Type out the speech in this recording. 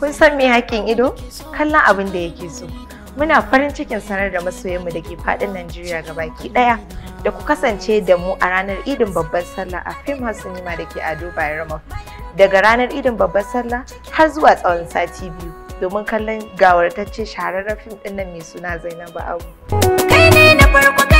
Kun san me hakkin ido? Kallon abin da yake so. Muna farin cikin sanar da masoyanmu da ke faɗin Najeriya gabaki ɗaya da ku kasance da mu a ranar idin babban sallah a fim Hassanima da ke Ado Bayarma. Daga ranar idin babban sallah har zuwa tsawon sati biyu domin kallon gawartacce shahararren fim ɗin nan mai suna Zainabu Abu. Kai ne na farko